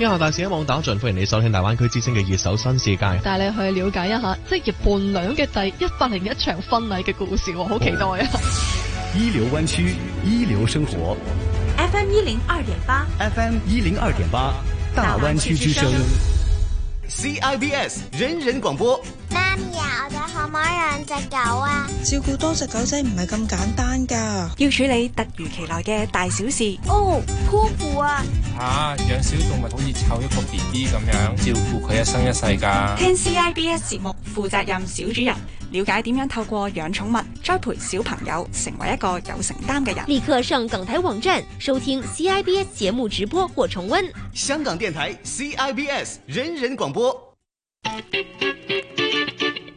天下大事一網打盡，歡迎你收聽大灣區之聲嘅熱手新世界。帶你去了解一下，職業伴娘嘅第一百零一場婚禮嘅故事，好期待呀、啊！一、哦、 流灣區，一流生活。FM 一零二點八。FM 一零二點八，8，大灣區之聲。之 CIBS 人人廣播。媽咪呀、啊！媽媽養隻狗啊！照顧多隻狗仔唔係咁簡單噶，要處理突如其來嘅大小事。哦，瀑布啊！吓、啊，養小動物好似湊一個 B B 咁樣，照顧佢一生一世噶。聽 C I B S 節目，負責任小主人，了解點樣透過養寵物栽培小朋友成為一個有承擔嘅人。立刻上港台網站收聽 C I B S 節目直播或重溫。香港電台 C I B S 人人廣播。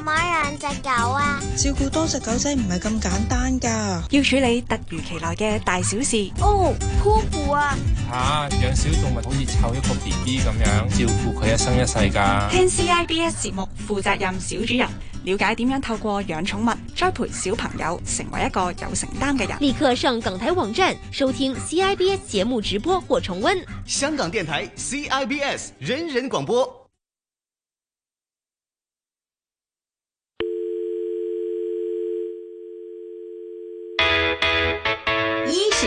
買兩隻狗啊！照顧多隻狗仔，唔係咁簡單噶，要處理突如其來嘅大小事。哦，鋪啊！吓、啊，養小動物好似湊一個 BB 咁樣，照顧佢一生一世噶。聽 CIBS 節目，負責任小主人，了解點樣透過養寵物栽培小朋友成為一個有承擔嘅人。立刻上港台網站收聽 CIBS 節目直播或重溫。香港電台 CIBS，人人廣播。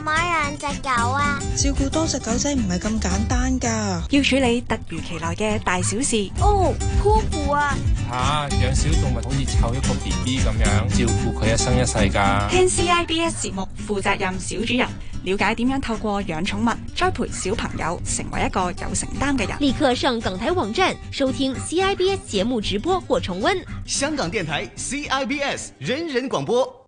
買兩隻狗啊！照顧多隻狗仔唔係咁簡單噶，要處理突如其來嘅大小事。哦，科普啊！吓、啊，養小動物好似湊一個 B B 咁樣，照顧佢一生一世噶。聽 CIBS 節目，負責任小主人，了解點樣透過養寵物栽培小朋友成為一個有承擔嘅人。立刻上港台網站收聽 CIBS 節目直播或重溫。香港電台 CIBS 人人廣播。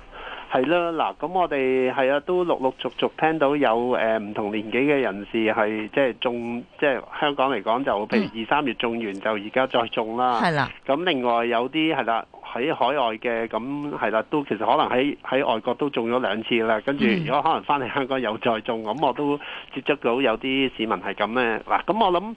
係啦，嗱，咁我哋係啊，都陸陸續續聽到有誒唔同年紀嘅人士係即係種，即係香港嚟講就譬如二三月種完、嗯、就而家再種啦。係啦的，咁另外有啲係啦喺海外嘅，咁係啦，都其實可能喺喺外國都種咗兩次啦。跟住如果可能翻嚟香港又再種，咁我都接觸到有啲市民係咁嘅。嗱，咁我諗。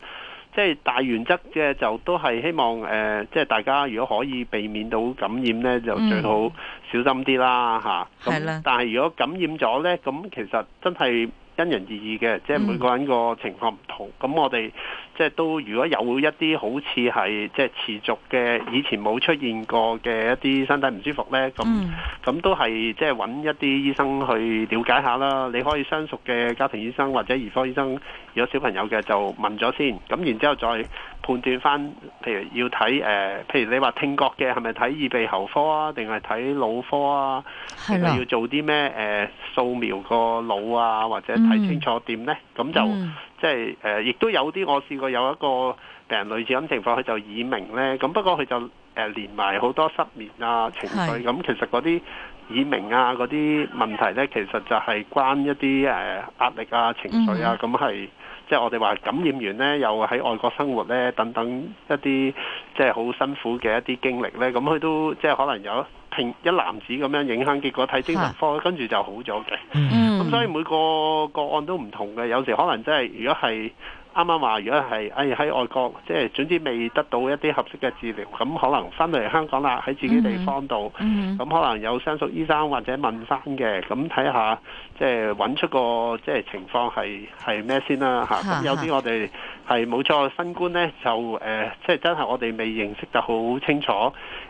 即係大原則嘅就都係希望呃，即係大家如果可以避免到感染呢，就最好小心啲啦吓。咁但係如果感染咗呢，咁其實真係因人而異嘅，即係每個人個情況唔同，咁，嗯，我哋。即係都，如果有一啲好似係即係持續嘅，以前冇出現過嘅一啲身體唔舒服咧，咁咁、嗯、都係即係揾一啲醫生去了解一下啦。嗯、你可以相熟嘅家庭醫生或者兒科醫生，如果小朋友嘅就問咗先，咁然之後再判斷翻。譬如要睇誒譬如你話聽覺嘅係咪睇耳鼻喉科啊，定係睇腦科啊？係咪要做啲咩誒掃描個腦啊，或者睇清楚點咧？咁、嗯、就。嗯即係亦都有啲我試過有一個病人類似咁情況，佢就耳鳴咧。咁不過佢就連埋好多失眠啊、情緒咁。其實嗰啲耳鳴啊、嗰啲問題咧，其實就係關一啲壓力啊、情緒啊。咁係即係我哋話感染完咧，又喺外國生活咧，等等一啲即係好辛苦嘅一啲經歷咧。咁佢都即係、就是、可能有。一男子咁樣影響，結果睇精神科，的跟住就好咗嘅。咁、嗯、所以每個個案都唔同嘅，有時可能真係，如果係啱啱話，如果係，哎喺外國，即、就、係、是、總之未得到一啲合適嘅治療，咁可能翻到嚟香港啦，喺自己地方度，咁、嗯、可能有相熟醫生或者問翻嘅，咁睇下即係揾出個即係、就是、情況係係咩先啦嚇。咁的有啲我哋係冇錯新冠呢就誒即係真係我哋未認識得好清楚，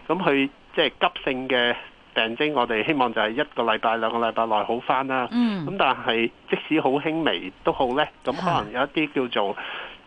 咁佢。即係急性嘅病徵，我哋希望就係一個禮拜兩個禮拜內好返啦。咁、嗯、但係即使好輕微都好咧，咁可能有一啲叫做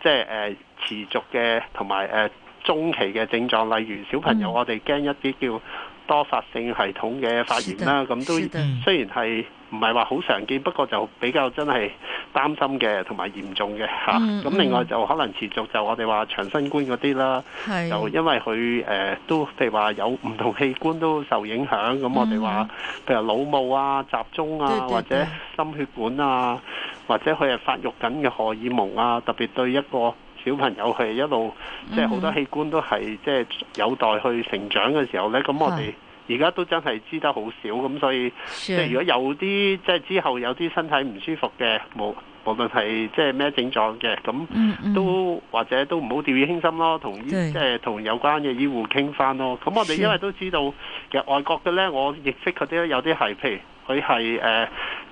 即係誒持續嘅同埋誒中期嘅症狀，例如小朋友、嗯、我哋驚一啲叫多發性系統嘅發炎啦。咁的都係的雖然係。唔係話好常見，不過就比較真係擔心嘅同埋嚴重嘅嚇。咁、嗯啊、另外就可能持續就我哋話長新冠嗰啲啦，是就因為佢、呃、都譬如話有唔同器官都受影響。咁我哋話譬如腦霧啊、集中啊，爹爹或者心血管啊，或者佢係發育緊嘅荷爾蒙啊，特別對一個小朋友係一路即係好多器官都係即係有待去成長嘅時候咧，咁我哋。而家都真係知得好少，咁所以即係如果有啲即係之後有啲身體唔舒服嘅，無論係即係咩症狀嘅，咁、嗯、都或者都唔好掉以輕心咯，同醫即係同有關嘅醫護傾翻咯。咁我哋因為都知道其實外國嘅咧，我認識嗰啲有啲係，譬如佢係、呃、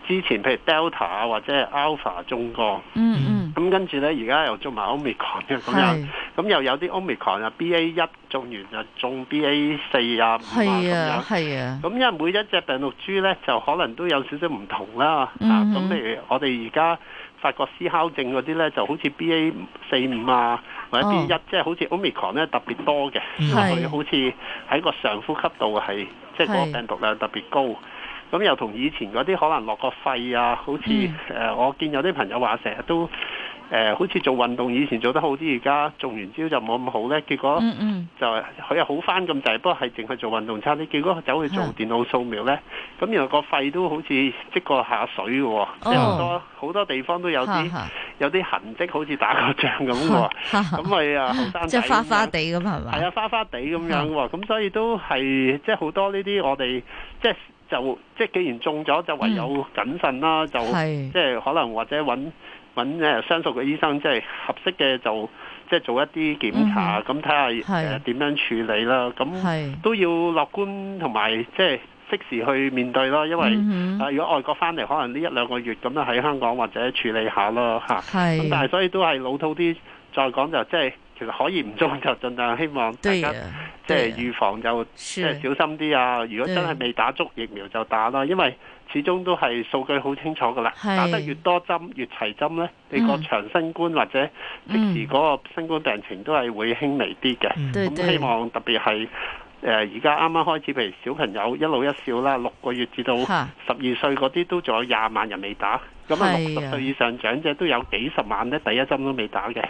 之前譬如 Delta 啊，或者係 Alpha 中過。嗯嗯咁跟住咧，而家又中埋 Omicron 嘅咁樣，咁又有啲 Omicron 啊，BA 一中完又中 BA 四啊五啊咁樣，係啊，係啊。咁因為每一隻病毒株咧，就可能都有少少唔同啦。咁譬、嗯哼啊、如我哋而家發覺思考症嗰啲咧，就好似 BA 四五啊，或者 B 一、哦，即係好似 Omicron 咧特別多嘅，佢是好似喺個上呼吸道係，即、就、係、是、個病毒量特別高。咁是又同以前嗰啲可能落個肺啊，好似、嗯呃、我見有啲朋友話成日都。誒，好似做運動以前做得好啲，而家中完之後就冇咁好咧。結果就係佢又好翻咁滯，不過係淨係做運動差啲。結果走去做電腦掃描咧，咁原來個肺都好似積過下水嘅喎，好多好多地方都有啲有啲痕跡，好似打過仗咁喎。咁咪啊後生即係花花地咁係嘛？係啊，花花地咁樣喎。咁所以都係即係好多呢啲我哋即係就即係既然中咗，就唯有謹慎啦。就即係可能或者搵。揾誒相熟嘅醫生，即係合適嘅就即係做一啲檢查，咁睇下誒點樣處理啦。咁是都要樂觀同埋即係適時去面對咯。因為啊，嗯、哼如果外國翻嚟，可能呢一兩個月咁啦，喺香港或者處理下咯嚇。咁是、嗯、但係所以都係老套啲，再講就即係其實可以唔中，就盡量希望大家呀即係預防就即係是小心啲啊。如果真係未打足疫苗就打啦，因為。始終都係數據好清楚嘅啦，是打得越多針、越齊針咧，你個長新冠、嗯、或者即時嗰個新冠病情都係會輕微啲嘅。咁、嗯嗯、希望特別係誒而家啱啱開始，譬如小朋友一老一小啦，六個月至到十二歲嗰啲都仲有廿萬人未打。咁啊，六十歲以上長者都有幾十萬咧，第一針都未打嘅，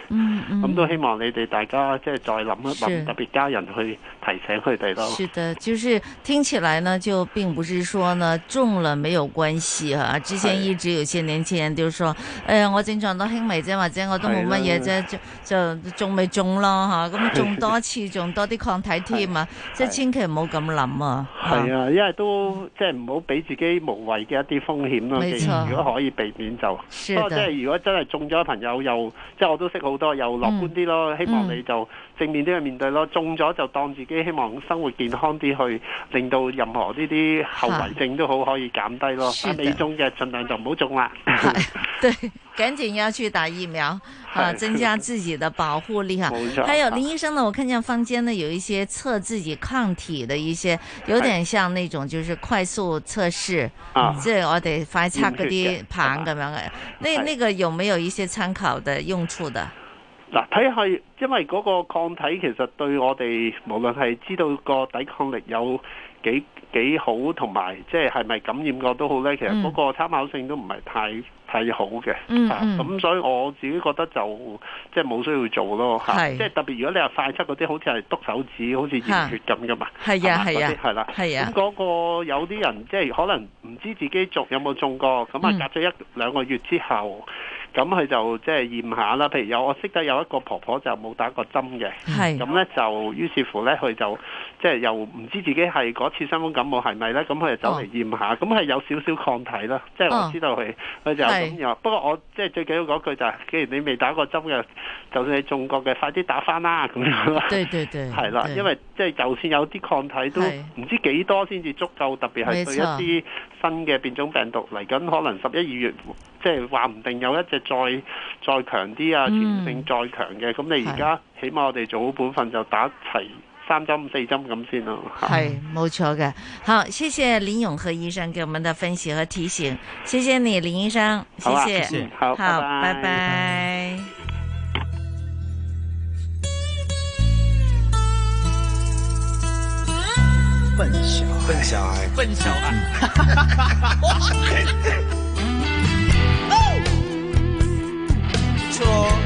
咁都希望你哋大家即係再諗一諗，特別家人去提醒佢哋咯。是的，就是聽起嚟呢，就並不是說呢中了沒有關係啊。之前一直有些年輕人就說說，誒，我症狀都輕微啫，或者我都冇乜嘢啫，就中未中咯吓？咁中多次，中多啲抗體添啊！即係千祈唔好咁諗啊。係啊，因為都即係唔好俾自己無謂嘅一啲風險咯。如果可以俾。避免就，不過，即係如果真係中咗，朋友又即係我都識好多，又樂觀啲咯，希望你就。嗯正面都要面對咯，中咗就當自己希望生活健康啲，去令到任何呢啲後遺症都好可以減低咯。未中嘅儘量就唔好中啦。係，對，趕緊要去打疫苗，啊，增加自己的保護力啊。冇錯。還有林醫生呢，我見到坊間呢有一些測自己抗體的一些，有點像那種就是快速測試。即係我哋快測嗰啲棒噉樣那那個有沒有一些參考的用處的？嗱，睇下，因為嗰個抗體其實對我哋，無論係知道個抵抗力有幾幾好，同埋即係係咪感染過都好呢，其實嗰個參考性都唔係太太好嘅。咁、嗯嗯啊、所以我自己覺得就即係冇需要做咯。即係是、啊就是、特別如果你話快測嗰啲，好似係篤手指，好似驗血咁噶嘛。係啊係啊。係啦。啊。咁嗰個有啲人即係、就是、可能唔知自己種有冇中過，咁啊隔咗一、嗯、兩個月之後。咁佢就即係驗下啦，譬如有我識得有一個婆婆就冇打過針嘅，咁咧是就於是乎咧佢就。即係又唔知自己係嗰次傷風感冒係咪呢？咁佢就走嚟驗下，咁係、哦、有少少抗體啦。哦、即係我知道佢，佢、哦、就咁又。是 不過我即係最緊要嗰句就係、是：既然你未打過針嘅，就算你中過嘅，快啲打翻啦，咁樣啦，對係啦，因為即係就算有啲抗體都唔知幾多先至足夠，是 特別係對一啲新嘅變種病毒嚟緊，沒錯 可能十一二月即係話唔定有一隻再再強啲啊，嗯、傳染性再強嘅，咁你而家起碼我哋做好本分就打齊。三針四針咁先咯，係冇錯嘅。好，謝謝林永和醫生給我們的分析和提醒，謝謝你林醫生，啊、謝，謝，謝謝，好，好拜拜。拜拜笨小孩，笨小孩，笨小孩。錯。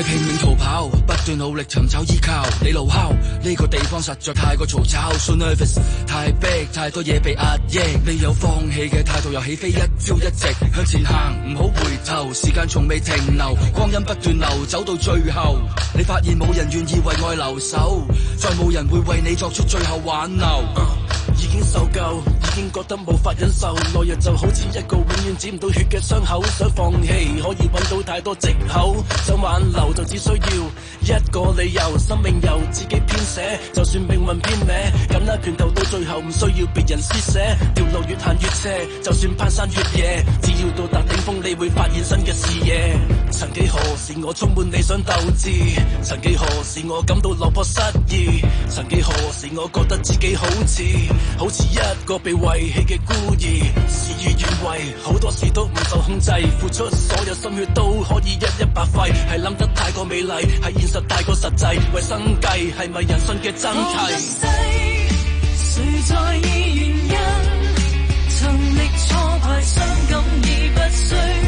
你拼命逃跑，不斷努力尋找依靠。你怒吼，呢個地方實在太過嘈吵。So nervous，太逼太多嘢被壓抑。你有放棄嘅態度，又起飛，一朝一夕向前行，唔好回頭。時間從未停留，光陰不斷流，走到最後，你發現冇人願意為愛留守，再冇人會為你作出最後挽留。受夠，已經覺得無法忍受，來日就好似一個永遠止唔到血嘅傷口。想放棄可以揾到太多藉口，想挽留就只需要一個理由。生命由自己編寫，就算命運偏歪，緊握拳頭到最後唔需要別人施捨。條路越行越斜，就算攀山越野，只要到達頂峰，你會發現新嘅視野。曾幾何時，我充滿理想鬥志；曾幾何時，我感到落魄失意；曾幾何時，我覺得自己好似，好似一個被遺棄嘅孤兒。事與願違，好多事都唔受控制，付出所有心血都可以一一白費。係諗得太過美麗，係現實太過實際。為生計，係咪人生嘅真諦？我一世，誰在意原因？曾歷挫敗，傷感而不需。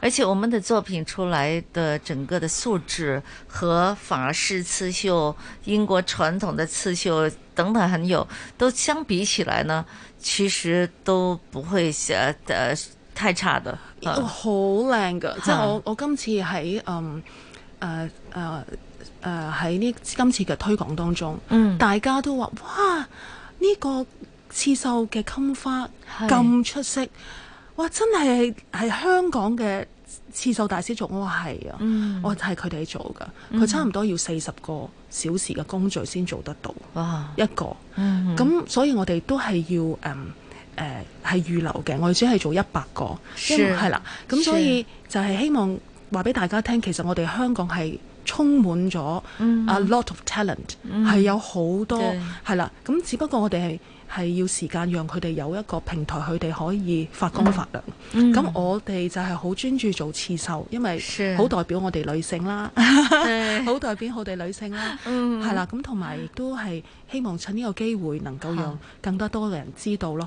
而且我們的作品出來的整個的素質和法式刺繡、英國傳統的刺繡等等，很有都相比起來呢，其實都不會寫得太差的。一、啊、個、哦、好靚嘅，是即係我我今次喺嗯誒誒誒喺呢今次嘅推廣當中，嗯、大家都話哇呢、這個刺繡嘅襟花咁出色。哇！真係係香港嘅刺繡大師做，我話係啊，嗯、我係佢哋做噶，佢差唔多要四十個小時嘅工序先做得到，哇一個。咁、嗯嗯、所以我哋都係要誒誒係預留嘅，我哋只係做一百個，係是啦。咁所以就係希望話俾大家聽，其實我哋香港係充滿咗 a lot of talent，係、嗯嗯、有好多係的啦。咁只不過我哋係。係要時間讓佢哋有一個平台，佢哋可以發光發亮。咁、mm. mm hmm. 我哋就係好專注做刺繡，因為好代表我哋女性啦，好 Sure. 代表我哋女性啦。係、mm hmm. 啦，咁同埋都係希望趁呢個機會，能夠讓更加多嘅人知道咯。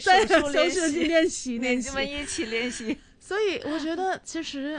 在宿舍練習練習，練習你們一起練習。練習，所以我覺得其實，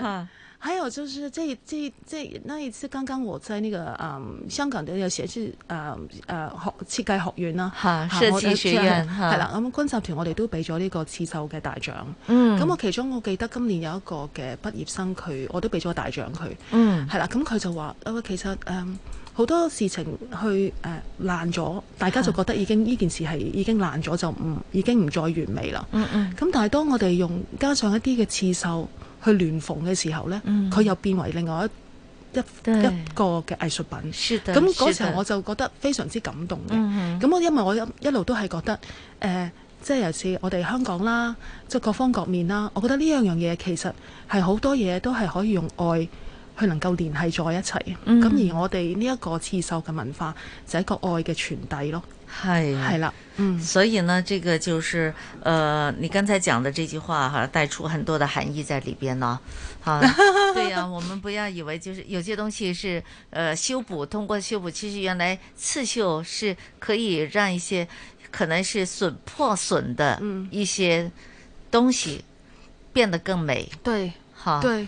還有就是這這這那一次，剛剛我在呢、那個、嗯、香港都有寫住誒誒學設計學院啦，設計學院係啦。咁君集團我哋都俾咗呢個刺繡嘅大獎。嗯，咁、嗯、我其中我記得今年有一個嘅畢業生，佢我都俾咗大獎佢。嗯，係啦，咁佢就話其實誒。嗯好多事情去誒、呃、爛咗，大家就覺得已經呢件事係已經爛咗，就唔已經唔再完美啦。嗯嗯。咁但係當我哋用加上一啲嘅刺繡去亂縫嘅時候呢，佢、嗯、又變為另外一對一個個嘅藝術品。咁嗰的時候我就覺得非常之感動嘅。咁我、嗯嗯、因為我一路都係覺得誒、呃，即係尤其我哋香港啦，即係各方各面啦，我覺得呢樣嘢其實係好多嘢都係可以用愛。佢能夠聯繫在一齊，咁、嗯、而我哋呢一個刺繡嘅文化就係、是、一個愛嘅傳遞咯。係係啦，了嗯、所以呢，這個就是，呃，你剛才講的這句話哈，帶出很多的含義在裏邊咯。啊 對呀、啊，我們不要以為就是有些東西是，呃，修補通過修補，其實原來刺繡是可以讓一些可能是損破損的，一些東西變得更美。嗯、好對哈，對。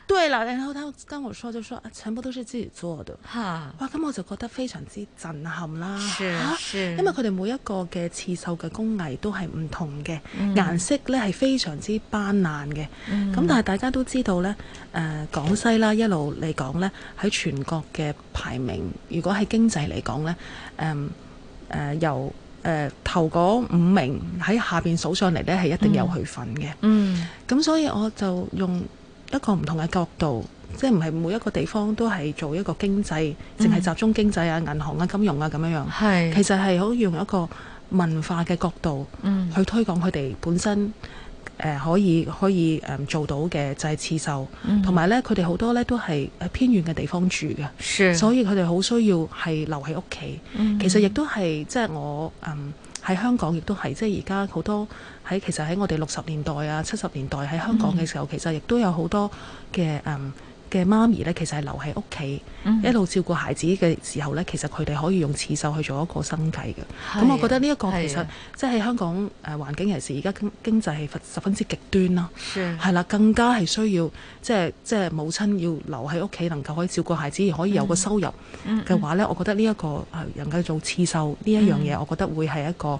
對啦，然後他跟我說，就說啊，全部都是自己做的。嚇哈！哇！咁我就覺得非常之震撼啦、啊。因為佢哋每一個嘅刺繡嘅工藝都係唔同嘅，顏、嗯、色呢係非常之斑斕嘅。咁、嗯、但係大家都知道呢誒廣西啦，一路嚟講呢喺全國嘅排名，如果喺經濟嚟講呢誒誒由誒、呃、頭嗰五名喺下邊數上嚟呢係一定有佢份嘅、嗯。嗯。咁所以我就用。一個唔同嘅角度，即係唔係每一個地方都係做一個經濟，淨係集中經濟啊、嗯、銀行啊、金融啊咁樣樣。係是其實係好用一個文化嘅角度去推廣佢哋本身誒、呃、可以可以誒、嗯、做到嘅就係刺繡，同埋、嗯、呢，佢哋好多呢都係偏遠嘅地方住嘅，是所以佢哋好需要係留喺屋企。嗯、其實亦都係即係我嗯。喺香港亦都係，即係而家好多喺其實喺我哋六十年代啊、七十年代喺香港嘅時候，其實亦都有好多嘅嗯。Um, 嘅媽咪呢，其實係留喺屋企一路照顧孩子嘅時候呢，其實佢哋可以用刺繡去做一個生計嘅。咁的我覺得呢一個其實的即係香港誒、呃、環境人士而家經濟十分之極端啦，係啦的，更加係需要即係即係母親要留喺屋企能夠可以照顧孩子，而可以有個收入嘅話呢，的我覺得呢一個能夠做刺繡呢一樣嘢，的這個、我覺得會係一個。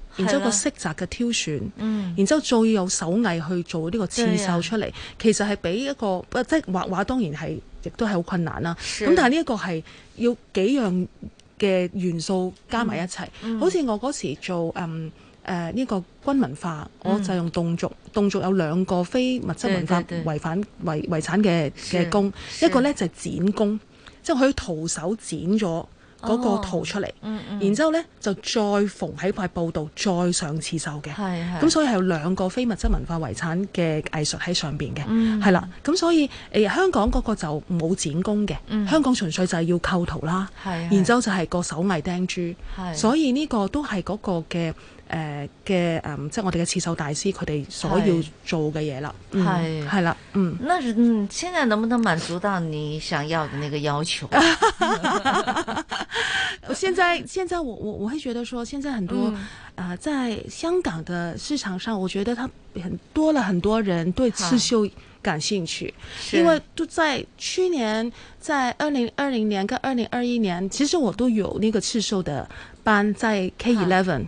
然之後個色澤嘅挑選，嗯、然之後再有手藝去做呢個刺繡出嚟，啊、其實係俾一個，即係畫畫當然係，亦都係好困難啦。咁的但係呢一個係要幾樣嘅元素加埋一齊。嗯嗯、好似我嗰時做嗯誒呢、呃呢個軍文化，嗯、我就用動作，動作有兩個非物質文化遺產遺遺產嘅嘅工，一個呢就係、是、剪工，即係我可以徒手剪咗。嗰個圖出嚟，哦嗯嗯、然之後呢，就再縫喺塊布度，再上刺繡嘅，咁是所以係有兩個非物質文化遺產嘅藝術喺上邊嘅，係啦、嗯，咁所以誒香港嗰個就冇剪工嘅，香港純、嗯、粹就係要構圖啦，是是然之後就係個手藝釘珠，是所以呢個都係嗰個嘅。誒嘅、呃，嗯，即係我哋嘅刺繡大師，佢哋所要做嘅嘢啦，係係啦，嗯。那嗯，現在能不能滿足到你想要的那個要求？我現在，現在我我我會覺得，說現在很多啊、嗯呃，在香港的市場上，我覺得他多了很多人對刺繡感興趣，哈因為都在去年，在二零二零年跟二零二一年，其實我都有那個刺繡的班在 K Eleven。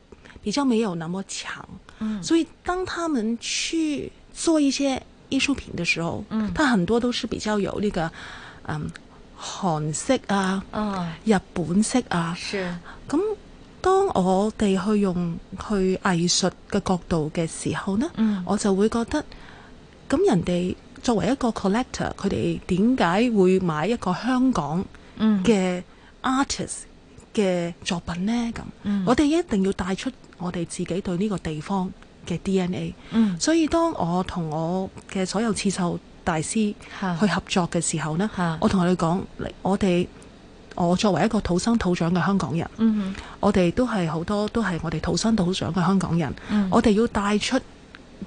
比較沒有那麼強，嗯，所以當他們去做一些藝術品的時候，嗯，他很多都是比較有呢個，嗯，韓式啊，哦，日本式啊，是，咁當我哋去用去藝術嘅角度嘅時候呢，嗯，我就會覺得，咁人哋作為一個 collector，佢哋點解會買一個香港嘅 artist 嘅作品呢？咁，嗯，我哋一定要帶出。我哋自己對呢個地方嘅 DNA，嗯，所以當我同我嘅所有刺繡大師去合作嘅時候呢，我同佢哋講：我哋，我作為一個土生土長嘅香港人，嗯哼，我哋都係好多都係我哋土生土長嘅香港人，嗯，我哋要帶出。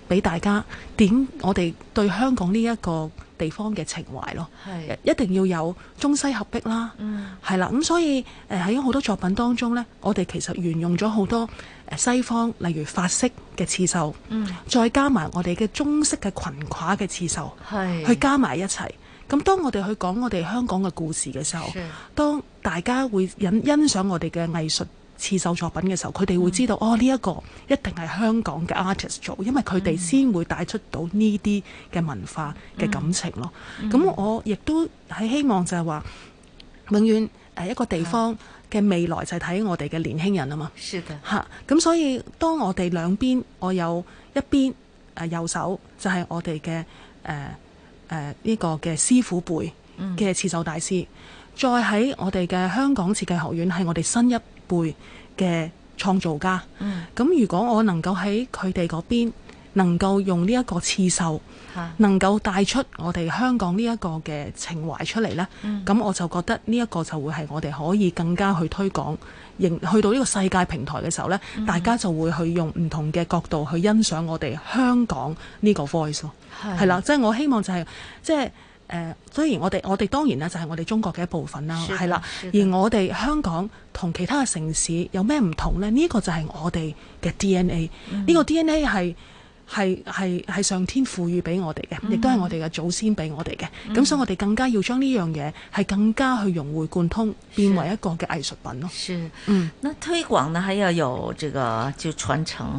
俾大家點我哋對香港呢一個地方嘅情懷咯，係是一定要有中西合璧啦，嗯，係啦，咁所以誒喺好多作品當中呢，我哋其實沿用咗好多誒西方，例如法式嘅刺繡，嗯，再加埋我哋嘅中式嘅裙褂嘅刺繡，係是去加埋一齊。咁當我哋去講我哋香港嘅故事嘅時候，是當大家會欣欣賞我哋嘅藝術刺繡作品嘅時候，佢哋會知道、嗯、哦，呢、這、一個一定係香港嘅 artist 做，因為佢哋先會帶出到呢啲嘅文化嘅感情咯。咁、嗯嗯、我亦都係希望就係話，永遠誒一個地方嘅未來就係睇我哋嘅年輕人的啊嘛。是嘅。嚇！咁所以當我哋兩邊我有一邊誒、呃、右手就係我哋嘅誒誒呢個嘅師傅輩嘅刺繡大師，嗯、再喺我哋嘅香港設計學院係我哋新一輩嘅創造家，咁、嗯、如果我能夠喺佢哋嗰邊能夠用呢一個刺繡，啊、能夠帶出我哋香港呢一個嘅情懷出嚟呢，咁、嗯、我就覺得呢一個就會係我哋可以更加去推廣，迎去到呢個世界平台嘅時候呢，嗯、大家就會去用唔同嘅角度去欣賞我哋香港呢個 voice 咯，係啦，即係我希望就係即係。就是。誒，雖然、呃、我哋我哋當然啦，就係我哋中國嘅一部分啦，係啦。而我哋香港同其他嘅城市有咩唔同呢？呢個就係我哋嘅 DNA，呢個 DNA 係係係係上天賦予俾我哋嘅，亦都係我哋嘅祖先俾我哋嘅。咁、嗯、所以，我哋更加要將呢樣嘢係更加去融會貫通，變為一個嘅藝術品咯。是，嗯，那推廣呢，係要有這個就傳承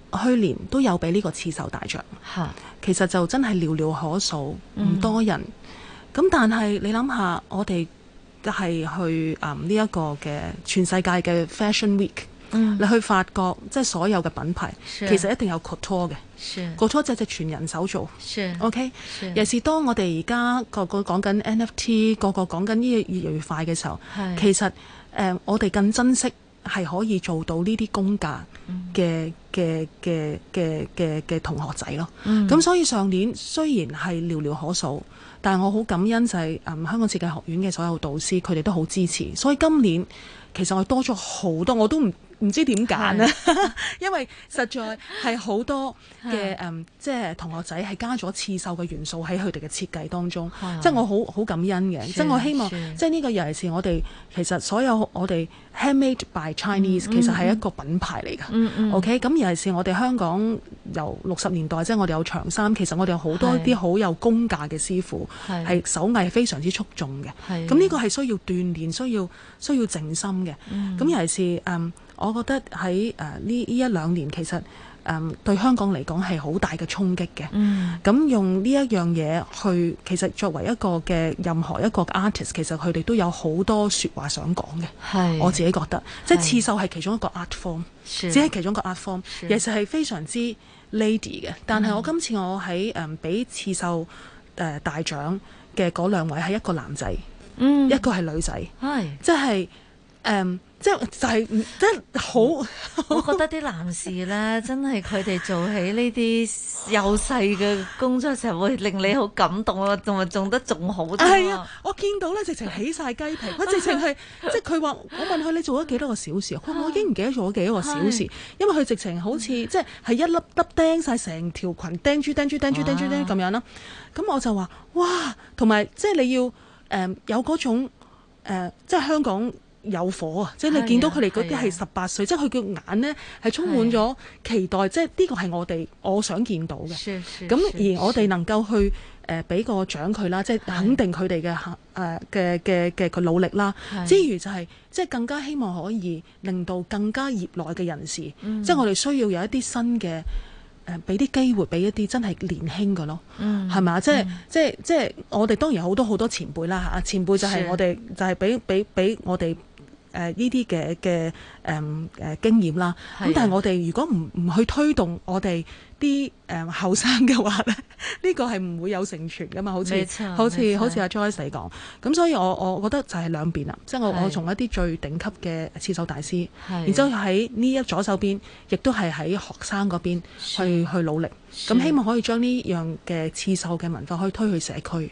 去年都有俾呢個刺手大獎，是其實就真係寥寥可數，唔多人。咁、嗯、但係你諗下，我哋係去誒呢一個嘅全世界嘅 fashion week，你、嗯、去法國，即、就、係、是、所有嘅品牌，是其實一定有 c 拖嘅是 c 拖 u 係只全人手做。是 OK，尤是當我哋而家個個講緊 NFT，個個講緊呢嘢越嚟越快嘅時候，是其實誒、呃、我哋更珍惜。係可以做到呢啲功架嘅嘅嘅嘅嘅同學仔咯，咁、嗯、所以上年雖然係寥寥可數，但係我好感恩就係、誒嗯、香港設計學院嘅所有導師，佢哋都好支持，所以今年其實我多咗好多，我都唔唔知點揀呢？因為實在係好多嘅即係同學仔係加咗刺繡嘅元素喺佢哋嘅設計當中，即係我好好感恩嘅。即係我希望，即係呢個尤其是我哋其實所有我哋 handmade by Chinese 其實係一個品牌嚟噶。OK，咁尤其是我哋香港由六十年代即係我哋有長衫，其實我哋有好多啲好有功架嘅師傅係手藝非常之出眾嘅。咁呢個係需要鍛鍊，需要需要靜心嘅。咁尤其是我覺得喺誒呢呢一兩年其實誒、嗯、對香港嚟講係好大嘅衝擊嘅。咁用呢一樣嘢去，其實作為一個嘅任何一個 artist，其實佢哋都有好多説話想講嘅。是我自己覺得，是即係刺繡係其中一個 art form，是只係其中一個 art form，其實係非常之 lady 嘅。是但係我今次我喺誒畀刺繡誒、呃、大獎嘅嗰兩位係一個男仔，嗯、一個係女仔，是即係誒。嗯即係就係、係，即係好。我覺得啲男士咧， 真係佢哋做起呢啲幼細嘅工作，就會令你好感動種好啊！同埋仲得仲好啲。係啊，我見到咧，直情起晒雞皮。佢 直情係，即係佢話，我問佢你做咗幾多個小時？佢 我已經唔記得做咗幾多個小時， 因為佢直情好似即係係一粒粒釘晒成條裙釘住、釘住哇、釘住、釘住釘住咁樣啦。咁我就話：哇！同埋即係你要誒、呃、有嗰種、呃、即係香港。有火啊！即係你見到佢哋嗰啲係十八歲，哎、是的即係佢嘅眼呢係充滿咗期待，是的即係呢個係我哋我想見到嘅。咁而我哋能夠去誒俾、呃、個獎佢啦，即係肯定佢哋嘅誒嘅嘅嘅努力啦。是的之餘就係、是、即係更加希望可以令到更加業內嘅人士，嗯、即係我哋需要有一啲新嘅誒，俾、呃、啲機會俾一啲真係年輕嘅咯，係咪啊？即係、嗯、即係即係我哋當然有好多好多前輩啦嚇，前輩就係我哋的就係俾俾俾我哋。誒呢啲嘅嘅誒誒經驗啦，咁的但係我哋如果唔唔去推動我哋啲誒後生嘅話咧，呢個係唔會有成全㗎嘛，好似好似好似阿 Joyce 講，咁、啊、所以我我覺得就係兩邊啦，的即係我我從一啲最頂級嘅刺繡大師，的然之後喺呢一左手邊，亦都係喺學生嗰邊去的去努力，咁的、嗯、希望可以將呢樣嘅刺繡嘅文化可以推去社區。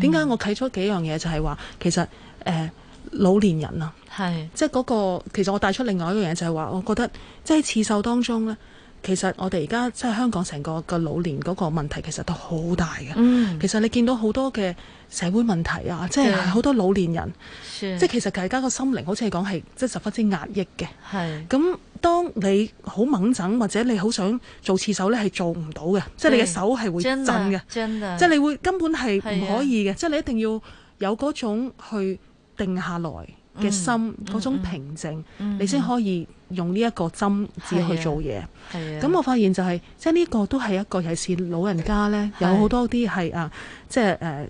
點解、嗯、我睇咗幾樣嘢就係話其實誒，呃老年人啊，係是即係、那、嗰個。其實我帶出另外一個嘢，就係話，我覺得即係刺繡當中呢，其實我哋而家即係香港成個個老年嗰個問題，其實都好大嘅。嗯、其實你見到好多嘅社會問題啊，對即係好多老年人，是即係其實大家個心靈，好似講係即係十分之壓抑嘅。係咁是，當你好猛整或者你好想做刺繡呢，係做唔到嘅，對即係你嘅手係會震嘅，即係你會根本係唔可以嘅，是啊、即係你一定要有嗰種去。定下來嘅心，嗰、嗯嗯嗯、種平靜，嗯嗯、你先可以用呢一個針子去做嘢。咁我發現就係、是，即係呢個都係一個，尤其是老人家呢，的有好多啲係啊，即係誒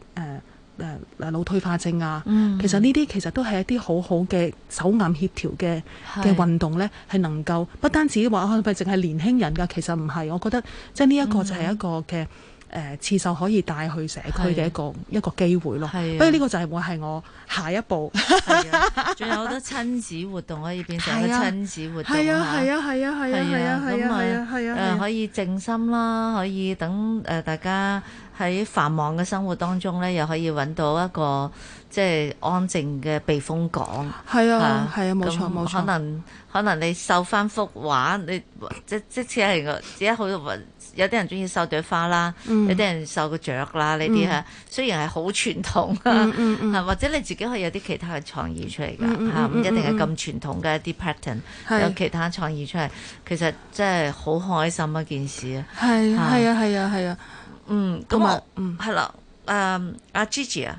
誒誒腦退化症啊。嗯、其實呢啲其實都係一啲好好嘅手眼協調嘅嘅的運動呢，係能夠不單止話唔係淨係年輕人㗎，其實唔係。我覺得即係呢一個就係一個嘅。嗯誒，刺繡可以帶去社區嘅一個一個機會咯，不過呢個就係會係我下一步。仲有好多親子活動可以變成個親子活動啊！係啊係啊係啊係啊係啊係啊係啊，誒可以靜心啦，可以等誒大家喺繁忙嘅生活當中咧，又可以揾到一個即係安靜嘅避風港。係啊係啊，冇錯冇錯，可能可能你繡翻幅畫，你即即似係自己好多有啲人中意繡朵花啦，有啲人繡個雀啦，呢啲嚇，雖然係好傳統，嚇或者你自己可以有啲其他嘅創意出嚟㗎嚇，唔一定係咁傳統嘅一啲 pattern，有其他創意出嚟，其實真係好開心一件事啊！係係啊係啊係啊，嗯，咁啊，嗯，係啦，誒，阿 Gigi 啊。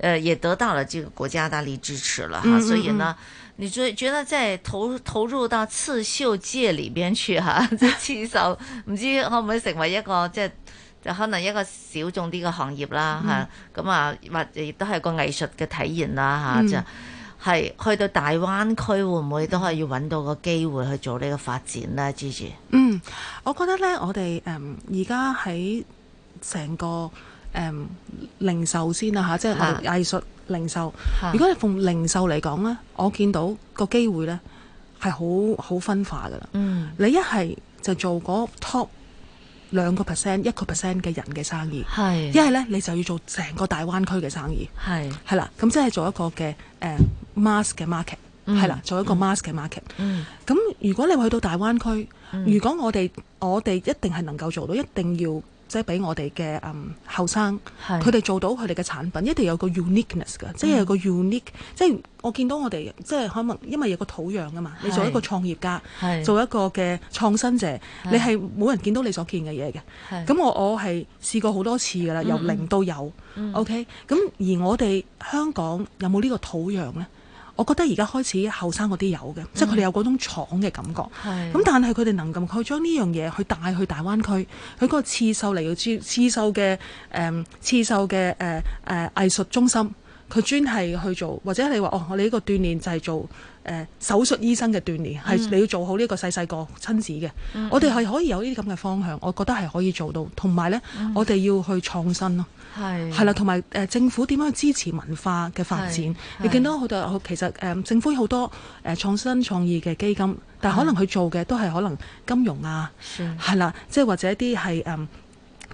誒，也得到了這個國家大力支持了哈，嗯嗯嗯，所以呢，你覺覺得即係投投入到刺繡界裏邊去哈，嗯嗯嗯 刺繡唔知可唔可以成為一個即係、就是、就可能一個小眾啲嘅行業啦吓，咁、嗯嗯嗯、啊或亦都係個藝術嘅體現啦吓、啊，就係、嗯嗯、去到大灣區會唔會都可以要搵到個機會去做呢個發展呢？Gigi 嗯，我覺得呢，我哋誒而家喺成個。誒、um, 零售先啦吓，即係藝術零售。啊、如果你從零售嚟講咧，我見到個機會咧係好好分化噶啦。嗯、你一係就做嗰 top 兩個 percent、一個 percent 嘅人嘅生意，一係咧你就要做成個大灣區嘅生意。係係啦，咁即係做一個嘅誒 mass 嘅 market，係啦，做一個 mass 嘅 market。咁如果你去到大灣區，嗯、如果我哋我哋一定係能夠做到，一定要。即係俾我哋嘅嗯後生，佢哋是做到佢哋嘅產品，一定有個 uniqueness 嘅，嗯、即係有個 unique。即係我見到我哋，即係可能因為有個土壤啊嘛，是你做一個創業家，是做一個嘅創新者，是你係冇人見到你所見嘅嘢嘅。咁是我我係試過好多次噶啦，由零到有。嗯、OK，咁、嗯、而我哋香港有冇呢個土壤呢？我覺得而家開始後生嗰啲有嘅，嗯、即係佢哋有嗰種闖嘅感覺。咁的，但係佢哋能夠去將呢樣嘢去帶去大灣區，佢嗰個刺繡嚟到刺繡嘅誒刺繡嘅誒誒藝術中心，佢專係去做。或者你話哦，我哋呢個鍛鍊就係做誒、呃、手術醫生嘅鍛鍊，係、嗯、你要做好呢個細細個親子嘅。嗯、我哋係可以有呢啲咁嘅方向，我覺得係可以做到。同埋呢，嗯、我哋要去創新咯。係，係啦，同埋、呃、政府點樣去支持文化嘅發展？你見到好多，其實、嗯、政府有好多誒、呃、創新創意嘅基金，但可能佢做嘅都係可能金融啊，係啦的，即係的或者一啲係誒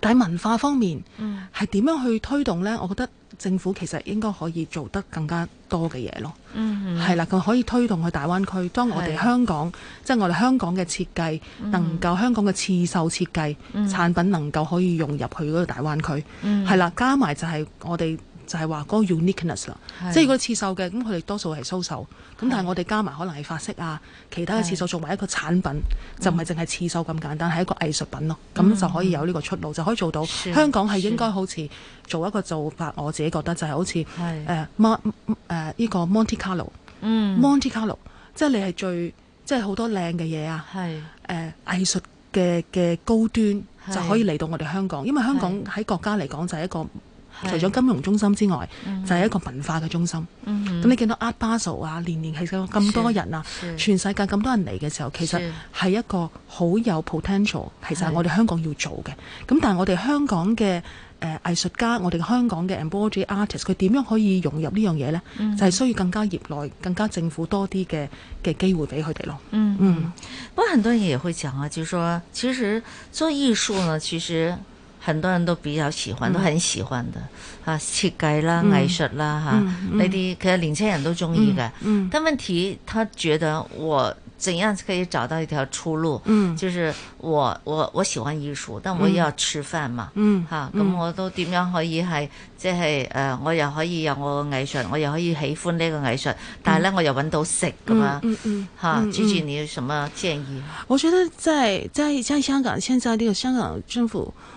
但文化方面，嗯。係點樣去推動咧？我覺得政府其實應該可以做得更加多嘅嘢咯。嗯哼。係啦，佢可以推動去大灣區。當我哋香港，係。即係我哋香港嘅設計，嗯。能夠香港嘅刺繡設計產品能夠可以融入去嗰個大灣區。嗯。係啦，加埋就係我哋。就係話嗰個 uniqueness 啦，即係嗰個刺繡嘅，咁佢哋多數係收手，咁但係我哋加埋可能係發色啊，其他嘅刺繡做埋一個產品，就唔係淨係刺繡咁簡單，係一個藝術品咯，咁就可以有呢個出路，就可以做到香港係應該好似做一個做法，我自己覺得就係好似誒 m 呢個 Monte Carlo，Monte Carlo，即係你係最即係好多靚嘅嘢啊，誒藝術嘅嘅高端就可以嚟到我哋香港，因為香港喺國家嚟講就係一個。是除咗金融中心之外，mm hmm. 就係一個文化嘅中心。咁、mm hmm. 你見到 Art Basel 啊，年年其實咁多人啊，全世界咁多人嚟嘅時候，其實係一個好有 potential，是其實係我哋香港要做嘅。咁是但係我哋香港嘅誒、呃、藝術家，我哋香港嘅 embody artist，佢點樣可以融入呢樣嘢呢？Mm hmm. 就係需要更加業內更加政府多啲嘅嘅機會俾佢哋咯。嗯、mm hmm. 嗯，不過很多人也會講啊，就係說其實做藝術呢，其實。很多人都比較喜歡，都很喜歡的嚇設計啦、藝術啦嚇呢啲，其實年輕人都中意嘅。但問題，他覺得我怎樣可以找到一條出路？嗯，就是我我我喜歡藝術，但我要吃飯嘛。嗯，嚇咁我都點樣可以係即係誒？我又可以有我嘅藝術，我又可以喜歡呢個藝術，但係咧我又揾到食噶嘛。嗯嗯嚇，主持你有什麼建議？我覺得在在在香港，現在呢個香港政府。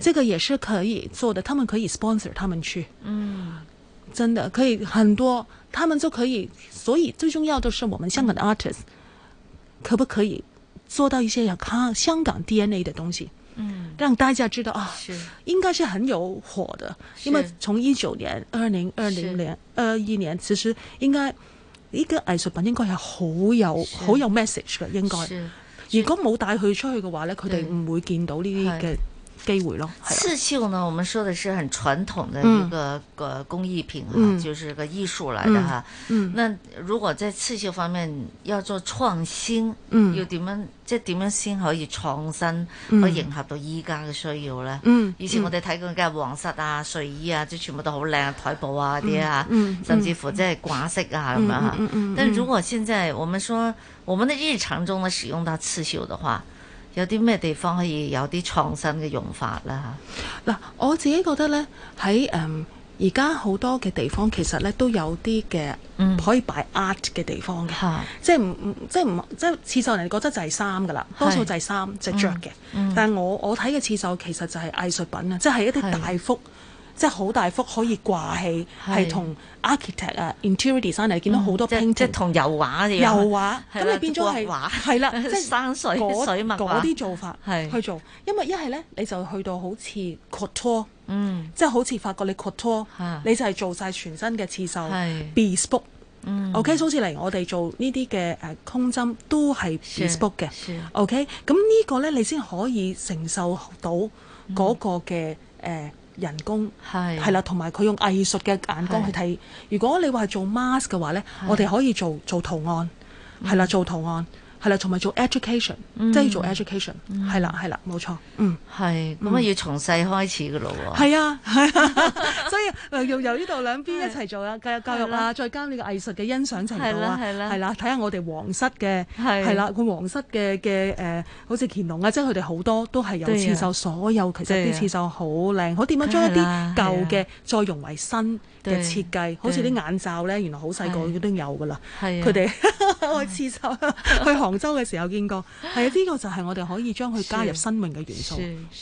這個也是可以做的，他們可以 sponsor 他們去，嗯，真的可以很多，他們就可以。所以最重要的是，我們香港的 artists 可不可以做到一些要看香港 DNA 的東西？嗯，讓大家知道啊，應該是很有火的，因為從一九年、二零二零年、二一年，其實應該一個藝術品應該係好有好有 message 嘅應該。如果冇帶佢出去嘅話咧，佢哋唔會見到呢啲嘅。機會咯，刺繡呢？我們說的是很傳統的一個、嗯、個工藝品哈、啊，嗯、就是個藝術來的哈。嗯，嗯那如果在刺繡方面要做創新，嗯，要點樣即係點樣先可以創新，可以迎合到依家嘅需要咧？嗯，以前我哋睇過嘅黃色啊、睡衣、嗯、啊，即全部都好靚，台布啊啲啊，嗯，甚至乎即係掛飾啊咁樣吓。但如果現在我們說我們的日常中呢使用到刺繡嘅話。有啲咩地方可以有啲創新嘅用法啦？嗱、啊，我自己覺得咧，喺誒而家好多嘅地方其實咧都有啲嘅可以擺 art 嘅地方嘅、嗯，即係唔唔即係唔即係刺繡人哋覺得就係衫噶啦，是多數就係衫就着、是、嘅，嗯嗯、但係我我睇嘅刺繡其實就係藝術品啊，即係是一啲大幅。即係好大幅可以掛起，係同 architect 啊、interior designer 見到好多 painting 即係同油畫嘅油畫，咁你變咗係係啦，即係山水水文化嗰啲做法去做。因為一係咧，你就去到好似 couture，r 即係好似發覺你 couture，你就係做晒全身嘅刺繡 bespoke OK，好似嚟我哋做呢啲嘅誒空針都係 bespoke 嘅。OK，咁呢個咧你先可以承受到嗰個嘅誒。人工係係啦，同埋佢用藝術嘅眼光去睇。的如果你話係做 mask 嘅話咧，的我哋可以做做圖案，係啦，做圖案。嗯。係啦，同埋做 education，即係要做 education。係啦，係啦，冇錯。嗯，係咁啊，要從細開始嘅咯喎。係啊，係啊，所以由呢度兩邊一齊做啊，教育教育啊，再加呢個藝術嘅欣賞程度啊，係啦，係啦，係啦，睇下我哋皇室嘅係啦，佢皇室嘅嘅誒，好似乾隆啊，即係佢哋好多都係有刺繡，所有其實啲刺繡好靚，好點樣將一啲舊嘅再融為新。嘅設計，對好似啲眼罩咧，對原來好細個已經都有㗎啦。佢哋去廁所，去杭州嘅時候見過。係啊對，呢、 這個就係我哋可以將佢加入生命嘅元素。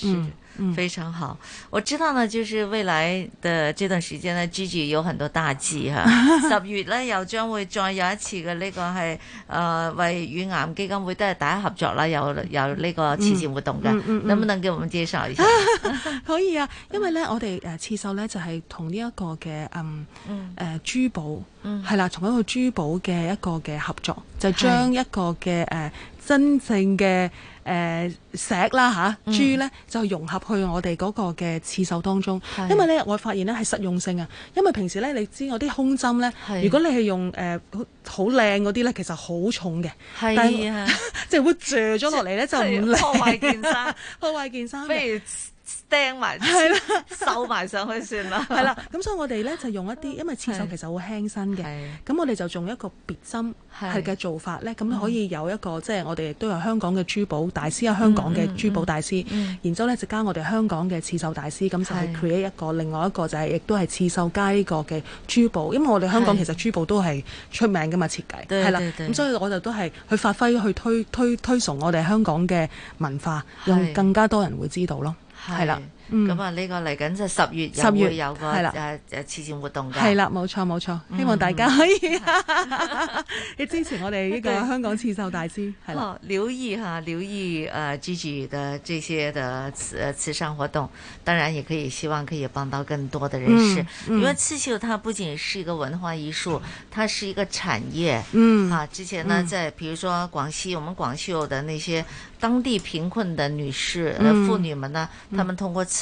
嗯。非常好，嗯、我知道呢，就是未來的這段時間呢，Gigi 有很多大計、啊。哈。十月呢，又將會再有一次嘅呢個係，誒為乳癌基金會都係大家合作啦，有有呢個慈善活動嘅，嗯嗯嗯、能唔能畀我們介紹一下？ 可以啊，因為呢，我哋誒刺繡咧就係同呢一個嘅嗯誒、嗯呃、珠寶，係、嗯、啦，同一個珠寶嘅一個嘅合作，就是、將一個嘅誒。是呃真正嘅誒、呃、石啦吓珠咧就融合去我哋嗰個嘅刺繡當中，啊、因為咧我發現咧係實用性啊，因為平時咧你知我啲胸針咧，啊、如果你係用誒好靚嗰啲咧，其實好重嘅，係，啊，即係但是 會墜咗落嚟咧就唔靚，破壞件衫，破壞件衫。 釘埋，係啦，收埋上去算啦。係啦，咁所以我哋呢就用一啲，因為刺繡其實好輕身嘅，咁我哋就用一個別針係嘅做法呢。咁可以有一個即係我哋亦都有香港嘅珠寶大師，呀，香港嘅珠寶大師，然之後呢，就加我哋香港嘅刺繡大師，咁就去 create 一個另外一個就係亦都係刺繡加呢個嘅珠寶，因為我哋香港其實珠寶都係出名噶嘛設計，係啦，咁所以我哋都係去發揮去推推推崇我哋香港嘅文化，讓更加多人會知道咯。係啦。嗯，咁啊，呢個嚟緊就十月十月有個係啦，誒誒慈善活動嘅，係啦，冇錯冇錯，希望大家可以你支持我哋呢個香港刺繡大師。哦，留意哈，留意誒 Gigi 嘅這些的慈慈善活動，當然也可以希望可以幫到更多的人士。因為刺繡它不僅是一個文化藝術，它是一個產業，嗯。啊，之前呢，在譬如說廣西，我們廣繡的那些當地貧困的女士、婦女們呢，她們通過刺